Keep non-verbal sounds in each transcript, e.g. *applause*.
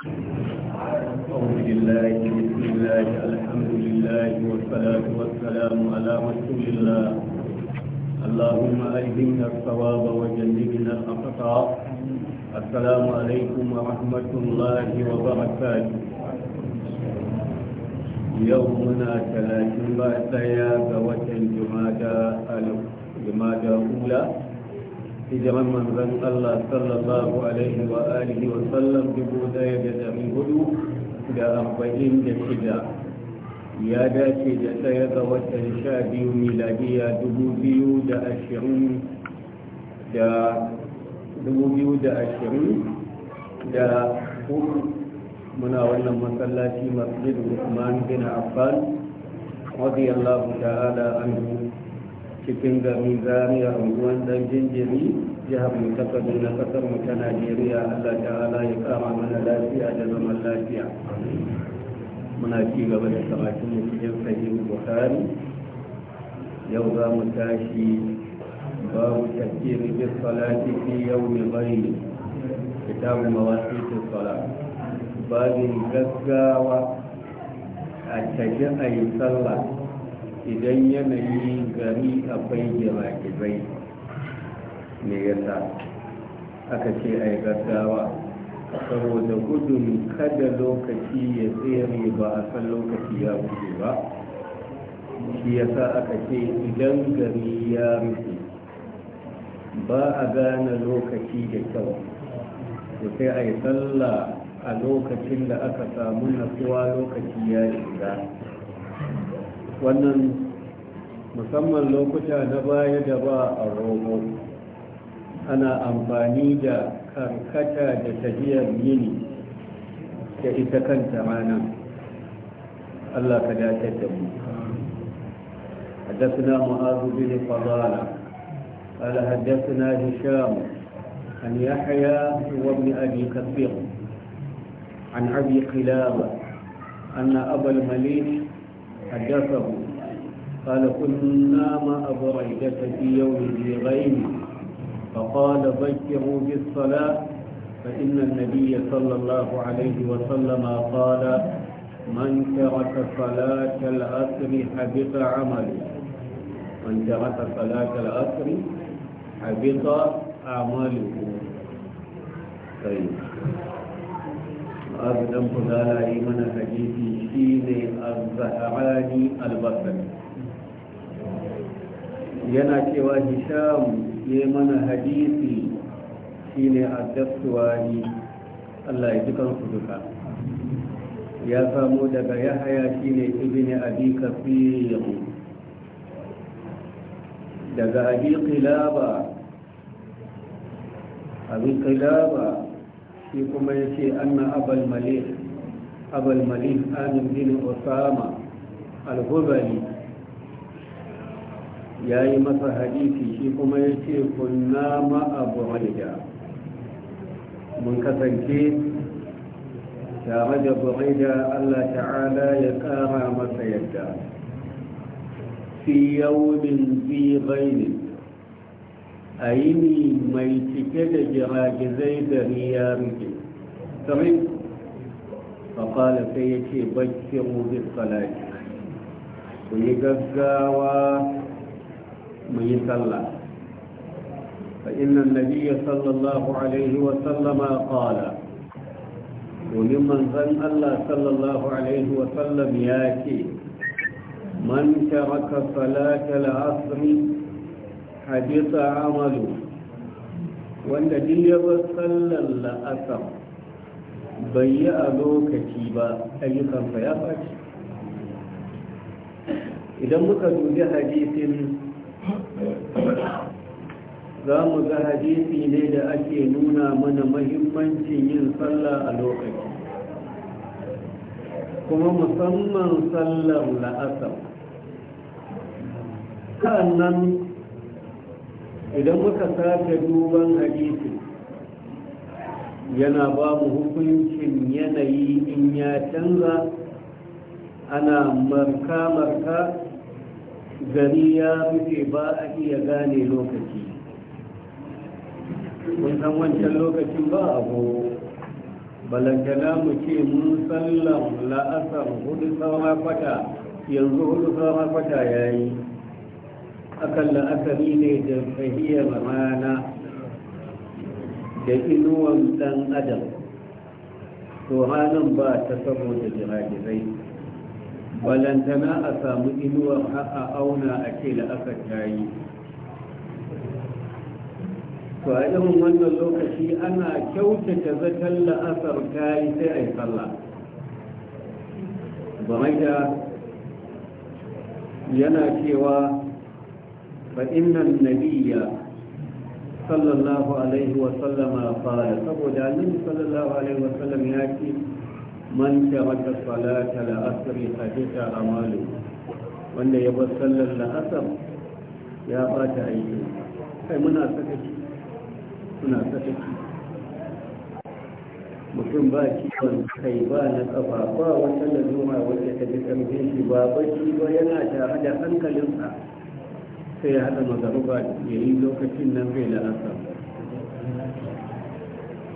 أعوذ بالله بسم الله الحمد لله والصلاة والسلام على رسول الله اللهم ألهمنا الصواب وجنبنا الأخطاء السلام عليكم ورحمة الله وبركاته يومنا ثلاثين بعد يا جمادى الأولى hijiran manzan Allah sallallahu alaihi wa alihi wa sallam dubu daya da dari hudu da arba'in da shida ya dace da ɗaya ga watan sha biyu miladiya dubu biyu da ashirin da dubu biyu da ashirin da hudu muna wannan masallaci masjid Usman bin Affan radiyallahu ta'ala anhu cikin garin zariya unguwan dan jinjiri jihar mu ta na kasar mu ta najeriya allah ta ala ya kama mana lafiya da zaman lafiya muna ci gaba da karatun mu cikin sahih bukari yau za mu tashi babu tafsiri bis salati fi yawmi ghayr kitabu mawasit as-salat babin gaggawa a tajin ayi sallah idan yanayi gari a akwai giragirai ne yasa aka ce a yi gaggawa saboda gudun kada lokaci ya tsere ba a san lokaci ya wuce ba shi yasa aka ce idan gari ya rufe ba a gane lokaci da kyau da sai a yi sallah a lokacin da aka samu nasuwa lokaci ya shiga wannan musamman lokuta na baya da ba a romo ana amfani da karkata da tafiyar yini da ita kanta rana Allah ka dace da mu حدثنا معاذ بن فضالة قال حدثنا هشام عن يحيى وابن أبي كثير عن أبي قلابة أن أبا المليك حدثه قال كنا مع بريدة في يوم ذي غيم فقال بشروا بالصلاة فإن النبي صلى الله عليه وسلم قال من ترك صلاة العصر حبط عمله من ترك صلاة العصر حبط أعماله طيب abu dan fuzala mana hadisi shine az-zahrani al-basri yana cewa hisham ne mana hadisi shine ad-dastawani Allah ya dukan su duka ya samu daga yahaya shine ibni abi kafir daga abi kilaba abi kilaba shi kuma ya ce anna abal malik abal amin bin osama al-hubali ya yi masa hadisi shi kuma ya ce kunna ma'abu mun kasance tare da Buraida allah ta'ala ya kara masa yadda fi yawmin bi ghainin a yini mai cike da giragizai da riya rike sarai faƙala sai ya ce bakin wuzin salati ku yi gaggawa mu yi sallah فإن النبي صلى الله عليه وسلم قال وممن ظن الله صلى الله عليه وسلم ياتي من ترك صلاة العصر hadisa amalu wanda duk ya bar sallar la'asar bai yi a lokaci ba ayyukansa ya faci idan muka dubi hadisin za mu ga hadisi ne da ake nuna mana mahimmancin yin sallah a lokaci kuma musamman sallar la'asar sannan idan muka sake duban hadisi yana ba mu hukuncin yanayi in ya canza ana marka-marka gari ya rufe ba a iya gane lokaci kun san wancan lokacin ba abu balantana mu ce mun sallan la'asar hudu sauran kwata yanzu hudu sauran kwata ya yi akan la'akari ne da fahiyar rana da inuwan ɗan adam to ranar ba ta saboda jiragirai balantana a samu inuwar a auna a ce la'akar ta yi to a irin wannan lokaci ana kyautata zaton la'asar ta yi sai a yi sallah ba da yana cewa فإن النبي صلى الله عليه وسلم قال سبود النبي صلى الله عليه وسلم يأتي من ترك الصلاة لأسر حدث أماله وأن يبقى يبصل لأسر يا بات أيدي أي مناسبة مناسبة mutum ba kiwon kai ba na kafa ba wata lalura wadda ta fi ƙarfin shi ba ba shi ba yana tare da hankalinsa sai ya haɗa magaruba ya yi lokacin nan bai asa.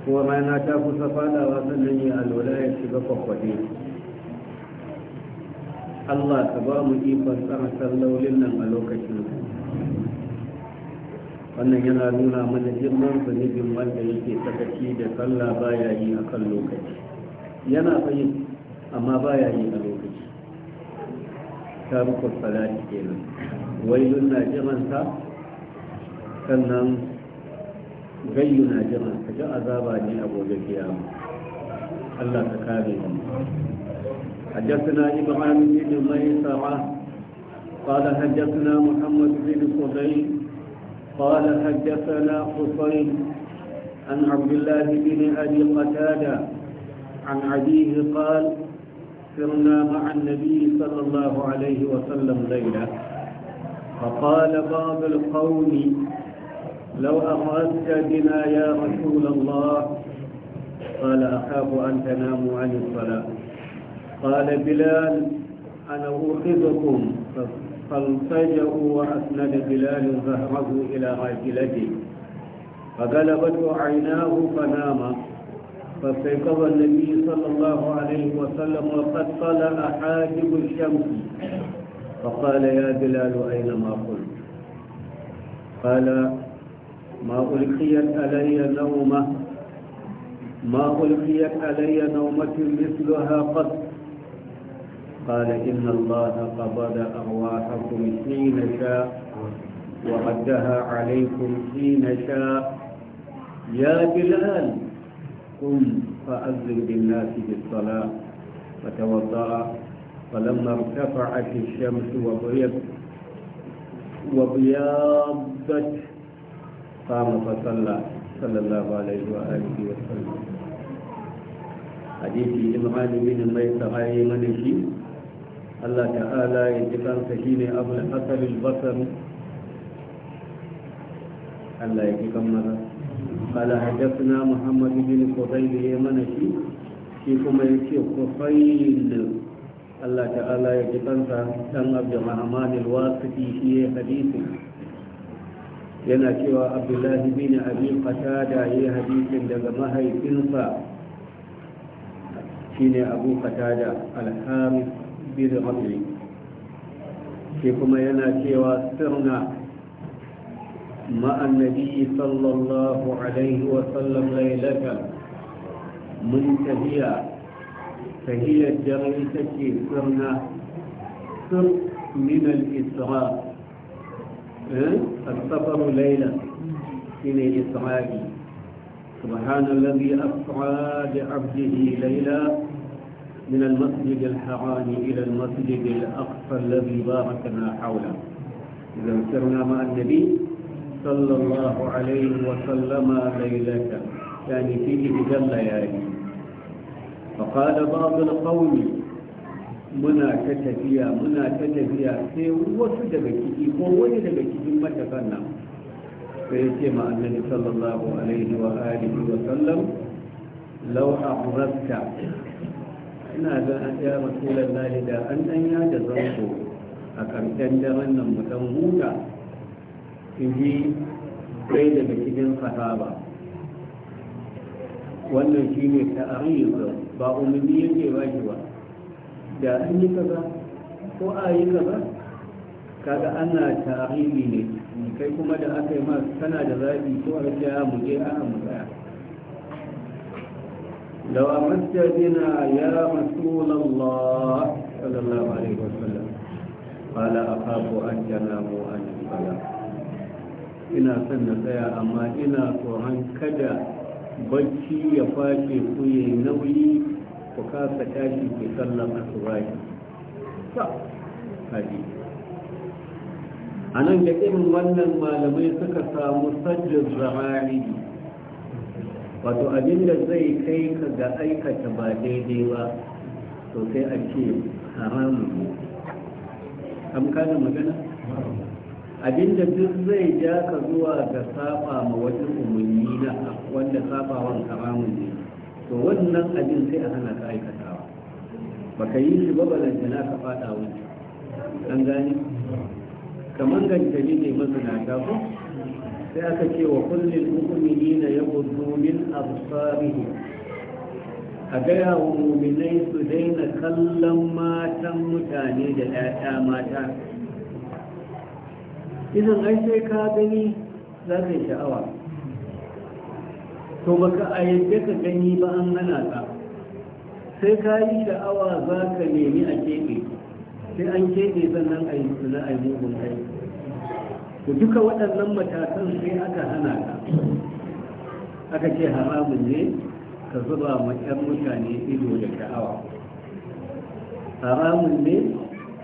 kuma rana ta kusa faɗawa sannan ya alwala ya shiga kwakwade Allah ka ba mu ikon tsara sallolin nan a lokacin wannan yana nuna mana girman zunubin wanda yake sakaci da sallah ba ya yi a kan lokaci yana fayin amma ba ya yi a lokaci ta rukun salati kenan ويل na تا sannan gayyu na jiransa ji azaba ne a gobe kiyama Allah ta إبراهيم بن ميسرة قال حجتنا محمد بن صديق قال حجتنا حسين عن عبد الله بن أبي قتادة عن عبيه قال سرنا مع النبي صلى الله عليه وسلم ليلة فقال بعض القوم لو أخذت بنا يا رسول الله قال أخاف أن تناموا عن الصلاة قال بلال أنا أوقظكم فالتجأوا وأسند بلال ظهره إلى راجلته فغلبته عيناه فنام فاستيقظ النبي صلى الله عليه وسلم وقد طلع حاجب الشمس فقال يا بلال أين ما قلت قال ما ألقيت علي نومة ما ألقيت علي نومة مثلها قط قال إن الله قبض أرواحكم حين شاء وردها عليكم حين شاء يا بلال قم فأذن بالناس بالصلاة فتوضأ فلما ارتفعت الشمس وضيت وضيابت قام فصلى صلى الله عليه وآله وسلم حديث إمعان بن ميسر أي منشي الله تعالى يتقان سكين أبو الحسن البصر الله يتقان قال حدثنا محمد بن قطيب يمنشي فيكم يشيخ قطيب Allah ta'ala ya ji kansa dan Abdurrahman al-Wasiti shi ya hadisi yana cewa Abdullahi bin Abi Qatada ya hadisin daga mahaifinsa shine Abu Qatada al-Hamis bin Rabi shi kuma yana cewa sirna مع النبي صلى الله عليه وسلم ليلة من تبيع فهي الجر تكي صرنا صر من الإسراء إيه؟ السفر ليلة من الإسراء سبحان الذي أسرى بعبده ليلة من المسجد الحرام إلى المسجد الأقصى الذي باركنا حوله إذا سرنا مع النبي صلى الله عليه وسلم ليلة يعني فيه جل رجل فقال بعض القوم muna ta tafiya muna ta tafiya sai wasu daga ciki ko wani daga cikin matakan nan sai ce ma annabi sallallahu alaihi wa alihi wa sallam law ahrazta ina ga ya rasulullahi da an danya da zango a karshen daren nan mu dan huta in ji sai daga cikin sahaba wannan shine ta'arifin ba umarni yake ba shi ba da an yi kaza ko a yi kaza kaga ana tarihi ne kai kuma da aka yi ma tana da zaɓi ko a ce mu je a mu tsaya da wa يا رسول الله صلى الله عليه وسلم قال أخاف أن تناموا عن ina son na tsaya amma ina tsoron kada bacci ya fashe ku yi nauyi ku kasa tashi ke sallan asubai a nan da irin wannan malamai suka samu sajjin zamani wato abin da zai kai ka ga aikata ba daidai ba to sai a ce haramun an kada magana abinda duk zai ja ka zuwa ga saba ma wata umarni na wanda wa karamu ne to wannan abin sai a hana ka aikatawa baka yi shi ba na ka fada wani an gani kamar gantali ne mazinata ko sai aka ce wa kullum mu'minina yaghuddu min absarihim a gaya wa muminai su daina kallon matan mutane da 'ya'ya mata idan ai sai ka gani za ka yi sha'awa to baka a yadda ka gani ba an hana ka sai ka yi sha'awa za ka nemi a keɓe sai an keɓe sannan a yi suna a yi mugun kai to duka waɗannan matakan sai aka hana ka aka ce haramun ne ka zuba ma 'yan mutane ido da sha'awa haramun ne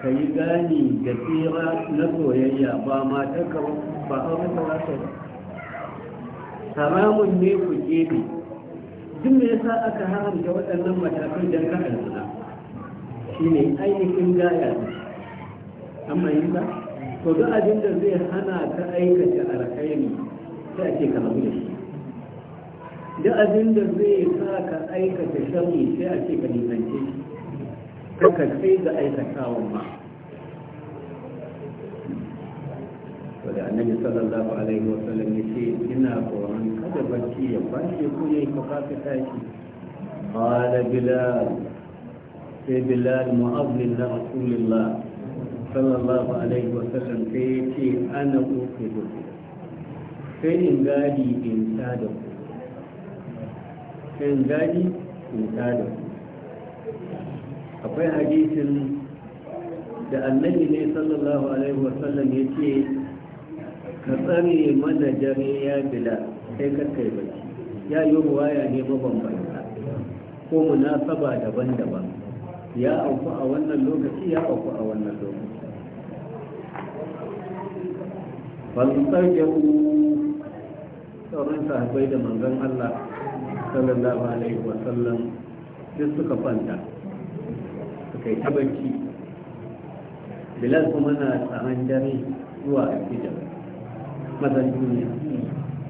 ka yi gani da tsira na soyayya ba matar ka ba auren da wata haramun ne ku gebe duk me yasa aka haramta waɗannan matakan don ka alzina shi ne ainihin gaya amma yi ba to duk abin da zai hana ka aikata alkhairi sai ake ka da shi duk abin da zai sa ka aikata sharri sai ake ka shi suka ce ga aikatawan ba wadda annabi sallallahu alaihi wasallam ya ce ina tsoron kada barci ya bashi ko ya yi kafafi tashi qala bilal sai bilal mu'azzin na rasulullah sallallahu alaihi wasallam sai ya ce ana uku sai in gadi in ta da ku sai in gadi in ta da ku akwai hadisin da annabi ne sallallahu alaihi wasallam ya ce ka tsare mana dare ya bila sai ka kai ba ya yi ruwaya ne mabambanta ko munasaba daban-daban ya auku a wannan lokaci ya auku a wannan lokaci falsarjahu sauran sahabbai da manzon Allah sallallahu alaihi wasallam duk suka fanta kai ta bacci bilal kuma na tsaron dare zuwa gidan mazan duniya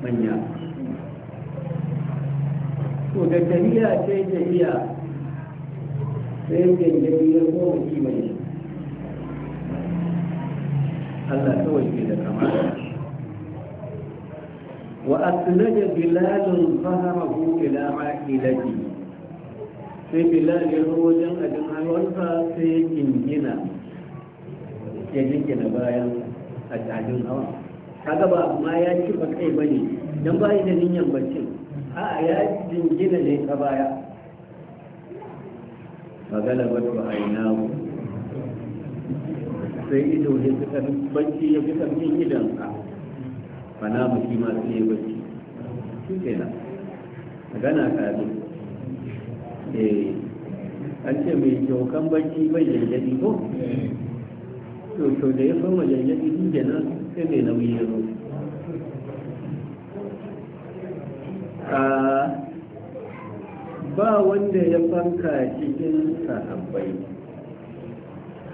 manya to da tafiya ce tafiya sai gangami ya koma kimai Allah kawai ke da kamata wa asnaja bilalun fahamahu ila ma'ilati sai bilal ya zo wajen abin haihuwarsa sai ya gingina ya gingina bayan a tajin hawa kaga ba ma ya ci ba kai ba ne don ba da niyan bacin a ya gingina ne ta baya magana ba to a namu sai ido ne suka bacci ya fi karfin idansa fana mu shi ma sai ya bacci shi kenan magana ka yi Eh, an ce mai kyaukan bacci bai jajjadi ko to da ya jajjadi jangadi shi nan sai mai nauyi ya zo ah, ba wanda ya farka cikin sahabbai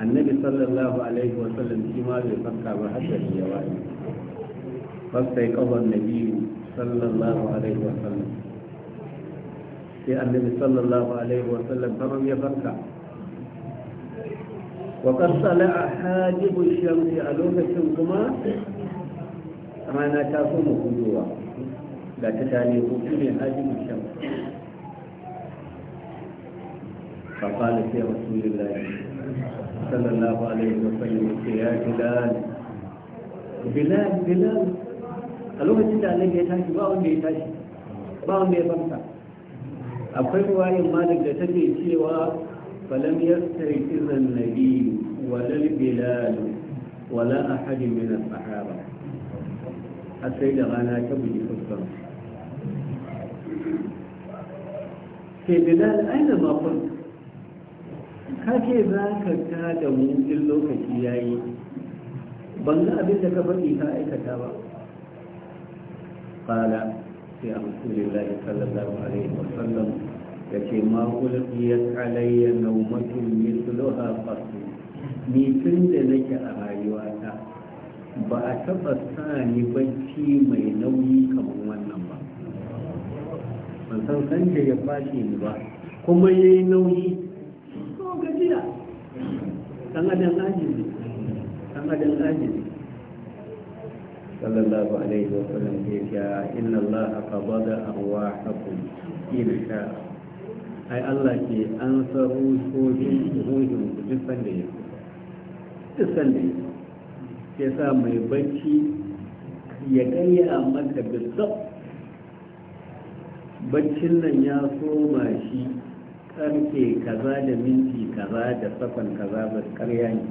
annabi sallallahu alaihi sallam shi ma bai farka ba hasari ya wani fasta ya kawar nabi sallallahu alaihi wa sallam. sai annabi sallallahu alaihi wa sallam kamar ya farka wa qarsala hajibu shamsi a lokacin kuma rana ta koma hudowa ga ta tare ko ne hajibu shamsi fa qala sai rasulullahi sallallahu alaihi wa sallam ya bilal bilal bilal a lokacin da annabi ya tashi ba wanda ya tashi ba wanda ya farka akwai ruwayin malik da take cewa falam yastari izan nabi walal bilal wala ahadin min as-sahaba har sai da rana ta buji fuskar ke bilal aina ma kun kake za ka ta da mu lokaci lokaci yayi ban ga abin da ka faɗi ka aikata ba qala sai rasulullahi sallallahu alaihi wasallam ya ce ma ulqiyat alayya nawmatun mithluha qattu ni tun da nake a rayuwata ba a taɓa sa ni bacci mai nauyi kamar wannan ba ban san sanda ya fashe ni ba kuma ya yi nauyi ko gajiya ɗan adam ajizi صلى الله عليه وسلم كيف إن الله قبض أرواحكم إن شاء ai Allah ke an tsaro sohin ruhin duk sanda ya duk sanda ya ke sa mai bacci ya maka baccin nan ya soma shi karfe kaza da minti kaza da sakon kaza ba karya ne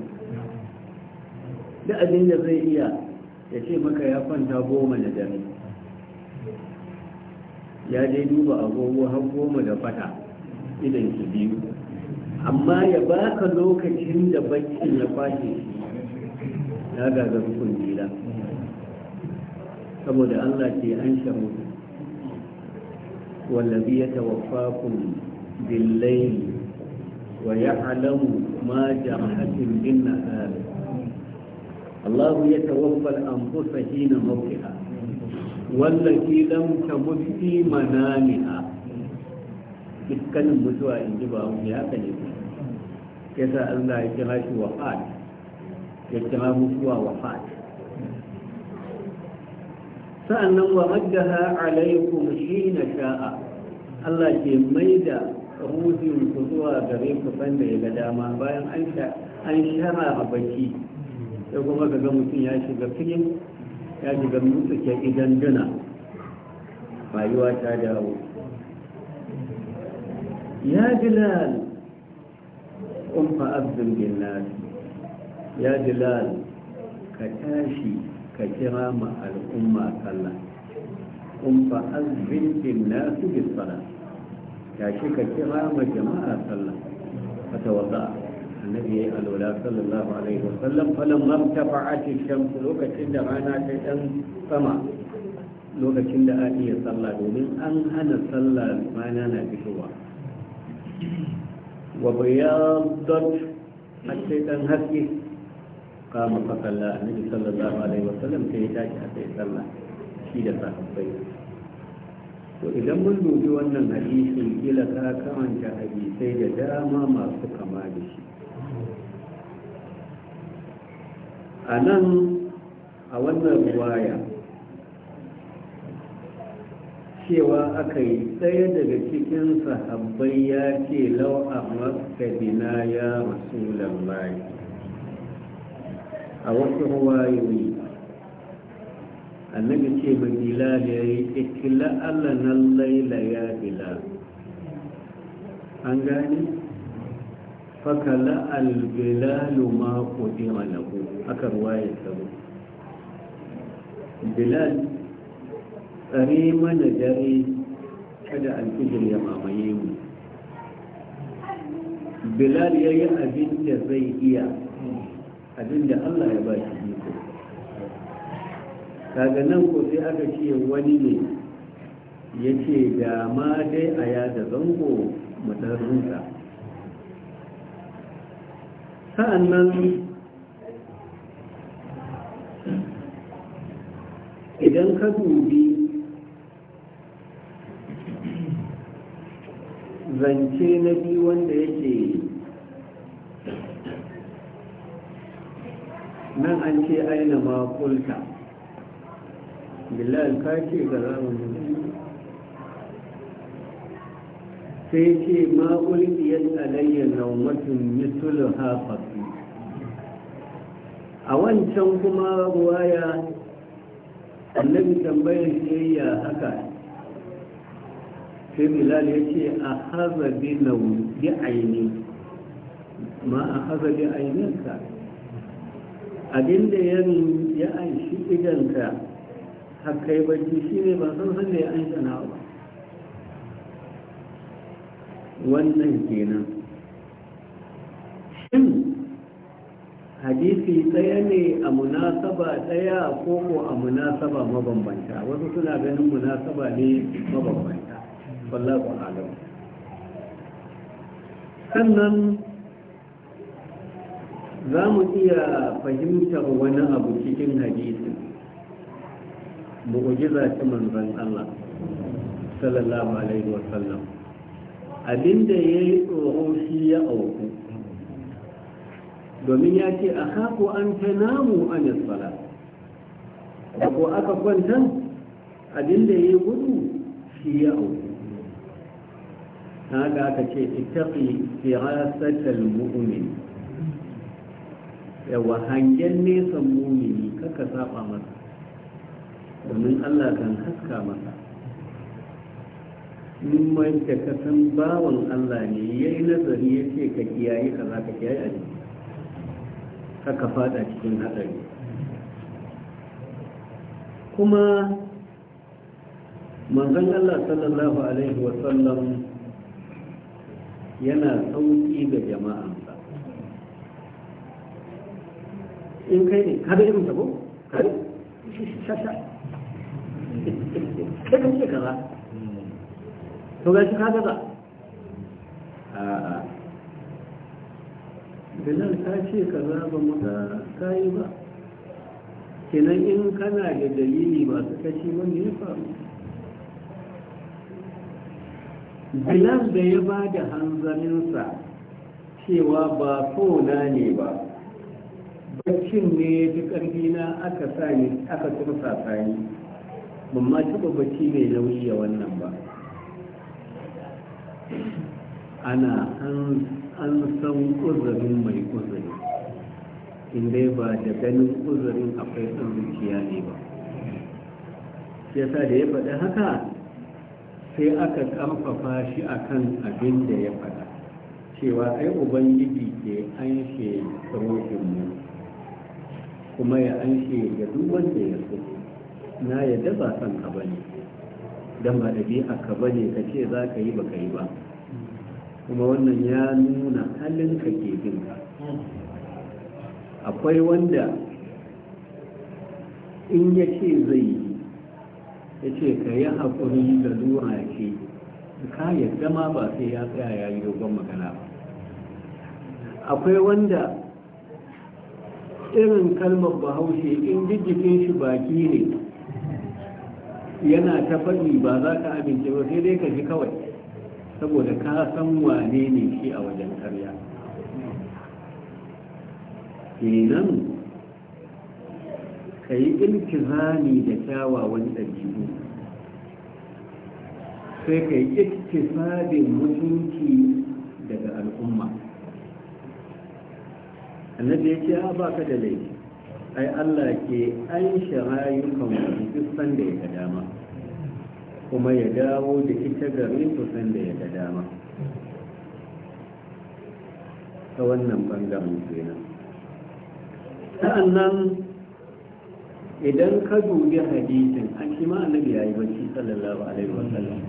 da abin da zai iya ya ce maka ya kwanta goma da dare ya je duba agogo har goma da fata idan su biyu amma ya baka lokacin da bakin ya kwashe ya gaga rukun jira saboda allah ce an shamu wallabi ya tawaffakun billahi wa ya alamu ma jama'atin bin nahari الله يتوفى الأنفس حين موتها والتي لم تمت في منامها iskan mutuwa in ji ba mu ya kane ya sa Allah ya kira shi wafat ya kira mutuwa wafat sa'annan wa maddaha alaikum na sha'a Allah ke maida ruhin ku zuwa gare ku sanda ya ga dama bayan an shara a baki sai kuma ga mutum ya shiga filin ya shiga mutu ke idan duna rayuwa ta dawo ya bilal umfa abdul bilal ya bilal ka tashi ka kira ma al'umma sallah umfa abdul bilal su bisala tashi ka kira ma jama'a sallah ka tawaza النبي الأولى صلى الله عليه وسلم فلما ارتفعت الشمس لوكا كند أنا تدن سما لوكا كند إيه آتي صلى دومين أن أنا صلى رانا نبيشوا وبياضت حتى تنهكي قام فصلى النبي صلى الله عليه وسلم يتاج حتى يصلى في صاحبين to وإذا mun dubi wannan hadisin kila ka karanta hadisai da ما masu kama a nan a wannan ruwaya cewa aka yi ɗaya daga cikin sahabbai ya ce lau a makadina ya rasulan bayi a wasu ruwayoyi annabi ce magila da ya yi ikila allanan laila ya bila an gani fakala albilalu ma kudima lahu aka ruwaye sabo bilal tsare mana dare kada alfijir ya mamaye mu bilal ya yi abin da zai iya abin da allah ya ba shi iko kaga nan ko sai aka ce wani ne ya ce da ma dai a da zango mu nan idan ka dubi zance na biyu wanda yake nan an ce aina makulta bilal ka ce ga zamanin sai ce ma ulqiyat alayya nawmatun mithluha hafafi a wancan kuma ruwaya annabi tambayar shi ya haka sai bilal ya ce a haza bi bi aini ma a haza bi aininka abinda ya ya aishi idanka hakai bacci shi ne ba san san ya aisha na wannan kenan shin hadisi ɗaya ne a munasaba daya ko ko a munasaba mabambanta wasu suna ganin munasaba ne mabambanta wallahu alam sannan za mu iya fahimtar wani abu cikin hadisi mu'ujiza ta manzon Allah sallallahu alaihi wasallam abinda ya yi tsoron shi ya auku domin ya ce a haku an ta namu a yasfala da ko aka kwanta abinda ya yi gudu shi ya auku ga aka ce itaƙi firasatar mu'umin yawa hangen nesa mumini kaka saba masa domin allah kan haska masa mai da ka san bawan Allah ne ya yi nazari ya ce ka kiyaye ka za ka kiyaye a jiki ka fada cikin haɗari kuma manzon Allah sallallahu Alaihi wasallam yana sauki ga jama'a in kai ne kada irin ta tabo kada shasha *laughs* kada ce kaza to ga shi kaga ba a'a bilal ka ce ka zaba maka kayi ba kenan in kana da dalili masu kashi wanda ya faru bilal da ya ba da hanzaninsa cewa ba na ne ba baccin ne ya ji na aka sa aka tursa sani ban ma taɓa bacci mai nauyi a wannan ba ana an san uzurin mai uzuri inda ba da ganin uzurin akwai son zuciya ne ba yasa da ya faɗi haka sai aka ƙarfafa shi akan abin da ya faɗa cewa ai ubangiji ke an she mu kuma ya an shi ga duk wanda ya so na yadda ba son ka bane dan ba ɗabi'a ka bane ka ce za ka yi ba ka yi ba kuma wannan ya nuna ka ke ka akwai wanda in ya ce zai yi ya ce ka yi haƙuri da zuwa ce ka yadda ma ba sai ya tsaya ya yi dogon magana ba akwai wanda irin kalmar bahaushe in jijjikin shi baki ne yana ta faɗi ba za ka amince ba sai dai ka ji kawai saboda ka san wane ne shi a wajen karya kenan ka yi ilkizami da kyawawan ɗabi'u sai ka yi iktisabin mutunci daga al'umma annabi ya ce a baka da laifi ai allah ke an rayukan wajen duk sanda ya ka dama kuma ya dawo da ita gari ku da ya da dama ta wannan bangaren kenan sa'annan idan ka dubi hadisin an shi ma annabi ya yi bacci sallallahu alaihi wasallam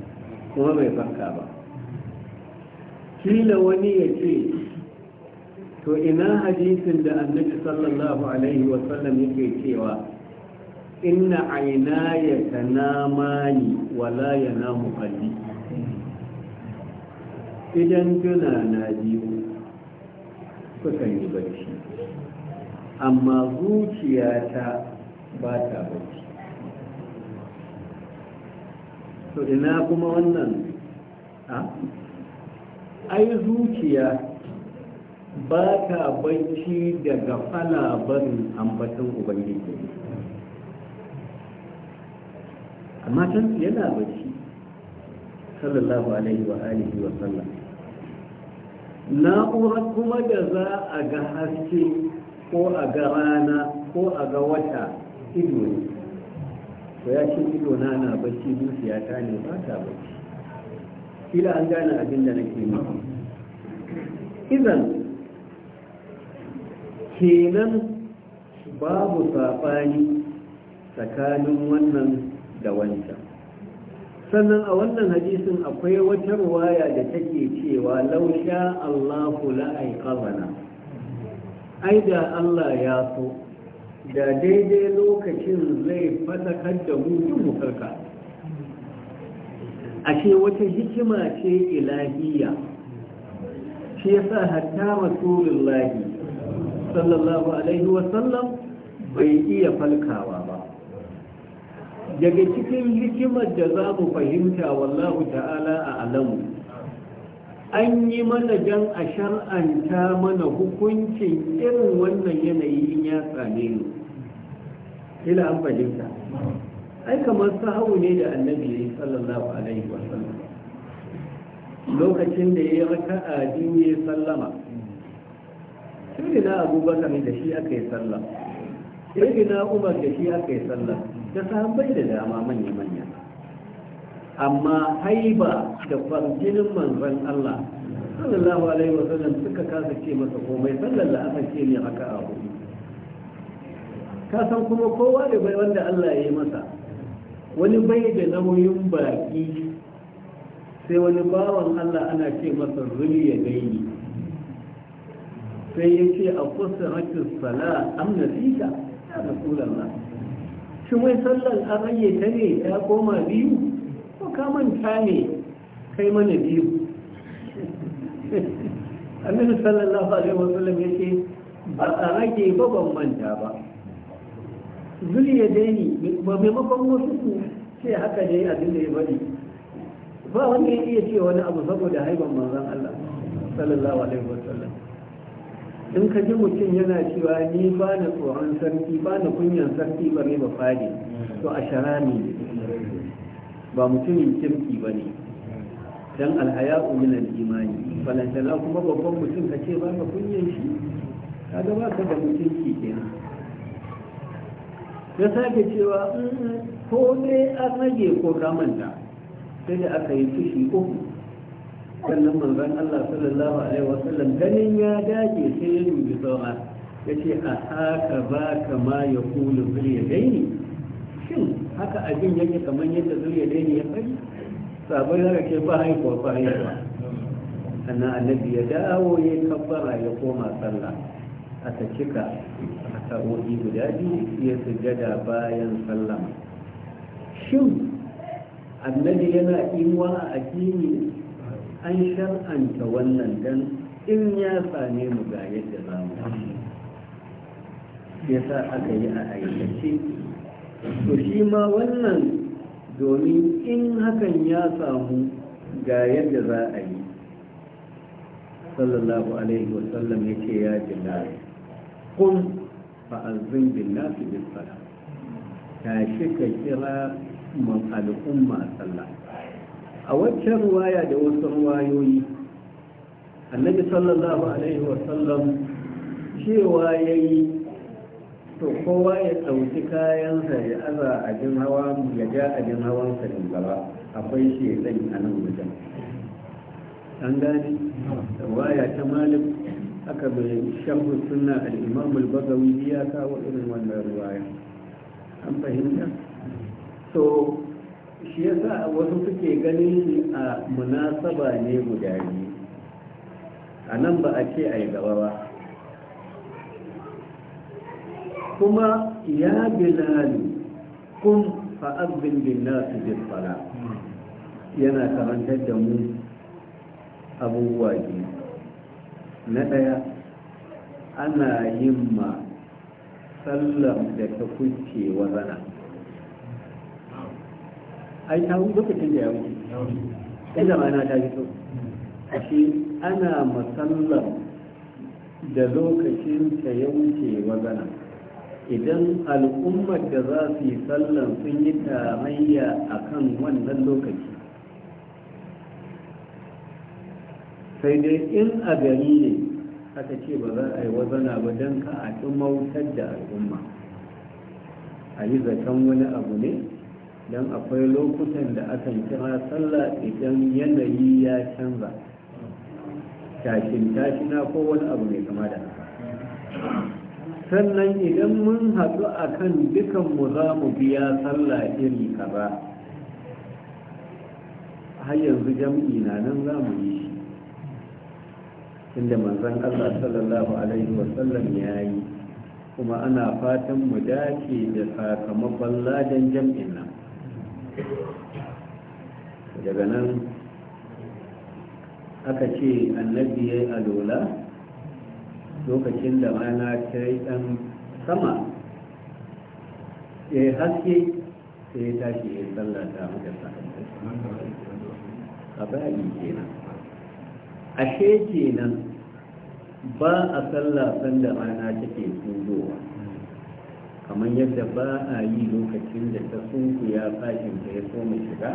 kuma bai farka ba kila wani ya ce to ina hadisin da annabi sallallahu alaihi wasallam yake cewa inna aina ya tanamani wala ya namu kalli idan tuna na biyu kusan yi barci amma zuciyata ba ta barci to ina kuma wannan ai zuciya ba ta barci daga falabarin ambatan ubangiji amma can yana bacci sallallahu alaihi wa alihi wa sallam Na'ura kuma da za a ga haske ko a ga rana ko a ga wata ido ne to ya ce ido na na bacci zuciya ta ne ba ta bacci kila an gane abin da nake nufi idan kenan babu saɓani tsakanin wannan da wancan sannan a wannan hadisin akwai wata ruwaya da take cewa lausha allahu la'aikazana ai da allah ya so da daidai lokacin zai fadakar da mu mu karka ashe wata hikima ce ilahiya shi yasa hatta rasulullahi sallallahu alaihi wasallam bai iya falkawa daga cikin hikimar da za mu fahimta wallahu ta'ala a alamu an yi mana jan a shar'anta mana hukuncin irin wannan yanayi in ya tsane mu. ila an fahimta ai kamar sahawu ne da annabi ya yi sallallahu alaihi wasallam lokacin da ya yi raka a ya sallama sai na abubakar da shi aka yi sallama sai na umar da shi aka yi sallama da sahabbai da dama manya-manya amma haiba da farjinin manzon Allah sallallahu alaihi sallam suka kasa ce masa komai sallallahu aka ce ne haka a hudu ka san kuma kowa da bai wanda Allah ya yi masa wani bai da nauyin baki sai wani bawan Allah ana ce masa ya gaini sai ya ce a kusa hakin sala amna fika ya nasu shi mai sallar an ayyata ta ne ya koma biyu ko ka manta ne kai mana biyu *laughs* annabi sallallahu alaihi wasallam ya ce ba a rage babban manta ba dai daini ba makon wasu ku ce haka ne a da ya bari ba wanda ya iya ce wani abu saboda haiban manzan Allah sallallahu alaihi wasallam in ka ji mutum yana cewa ni ba na tsoron sarki ba na kunyan sarki ba ne ba fadi to a sharami ba mutumin kirki ba ne don alhaya min imani falantala kuma babban mutum ka ce ba ka kunyan shi kaga ba ka da mutunci kenan ya sake cewa ko dai an rage ko ramanta sai da aka yi fushi uku sannan manzon Allah sallallahu alaihi wasallam ganin ya dace sai ya dubi saura yace a haka ba ma ya kulu zuriya daini shin haka abin yake kamar yadda zuriya daini ya fari sabon haka ke ba haihuwa ba sannan annabi ya dawo ya kabbara ya koma sallah a ta cika a sa'o'i guda biyu ya sujada bayan sallama shin annabi yana imuwa a addini an shar'anta wannan dan in ya same mu ga yadda za mu ya sa aka yi a aikace to shi ma wannan domin in hakan ya samu ga yadda za a yi sallallahu alaihi wasallam ya ce ya jina kun fa'azin bin su bi ta shi ka kira al'umma sallallahu a waccan ruwaya da wasu ruwayoyi annabi sallallahu alaihi wasallam cewa ya yi to kowa ya ɗauki kayansa ya aza jin hawa ya ja abin sa din gaba akwai shi zai a nan wajen an gane ruwaya ta malik aka bai shahu suna al'imam al-bagawi ya kawo irin wannan ruwaya an fahimta so shi yasa wasu suke ganin a munasaba ne guda biyu a nan ba a ce a yi gaba ba kuma ya bilalu kun fa'abbin bin nasu fara yana karantar da mu abubuwa biyu na ɗaya ana yin ma sallam da ta kuce wazana ai ta lokacin da ya wuce inda rana ta fito ashe ana musallar da lokacin ta ya wuce wazana idan al'ummar da za su yi sallan sun yi tarayya a kan wannan lokaci sai dai in a gari ne aka ce ba za a yi wazana ba don ka a mautar da al'umma a yi zaton wani abu ne don akwai lokutan da akan kira sallah idan yanayi ya canza tashin tashina ko wani abu mai kama da sannan idan mun haɗu a kan dukanmu za mu biya sallah iri kaza har yanzu jam'i na nan za mu yi shi inda manzon Allah sallallahu alaihi wasallam ya yi kuma ana fatan mu dace da sakamakon ladan jam'in nan daga nan aka ce annabi ya yi alola lokacin da mana ta yi ɗan sama ya yi haske sai yi tashi ya tsallata mata a bayan kenan ashe kenan ba a sallah sanda rana take tsudowa kamar yadda ba a yi lokacin da ta sunku ya fashin ya so mu shiga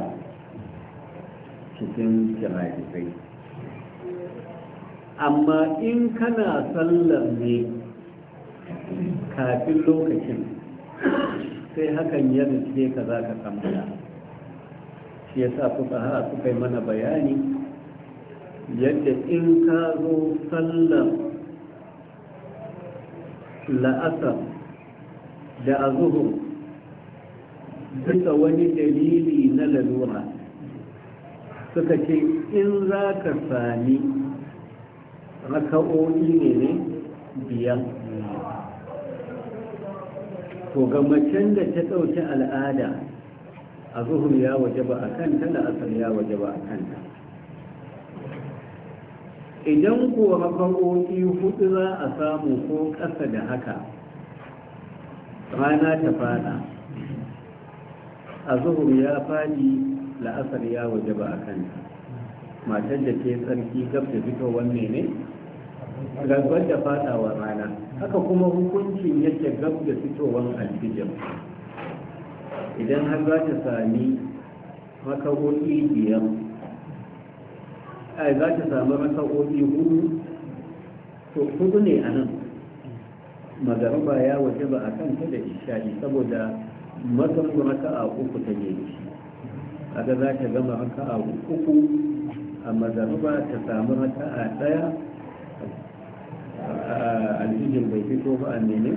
cikin jirajifai amma in kana sallar ne kafin lokacin sai hakan ya riske ka za ka kammala shi ya sa kuka haka suka yi mana bayani yadda in ka zo sallar la'asar da azuhur bisa wani dalili na lalura suka ce in za ka sami raka'o'i ne ne biyar to ga macen da ta ɗauki al'ada a zuhur ya waje ba a kanta da asar ya waje ba a kanta idan ko raka'o'i hudu za a samu ko ƙasa da haka rana ta fada a ya fadi la'asar ya waje ba a kanta matar da ke tsarki gab da fitowar mene gabar da fadawa rana haka kuma hukuncin yake gab da fitowar alfijir idan har za ta sami makaro'i biyar ai za ta sami makaro'i hudu to hudu ne a nan magarba ya waje ba a kanta da isha'i saboda mazan raka a uku ta ne kaga za ta gama raka a uku a magarba ta samu raka a ɗaya a aljijin bai fito ba a nene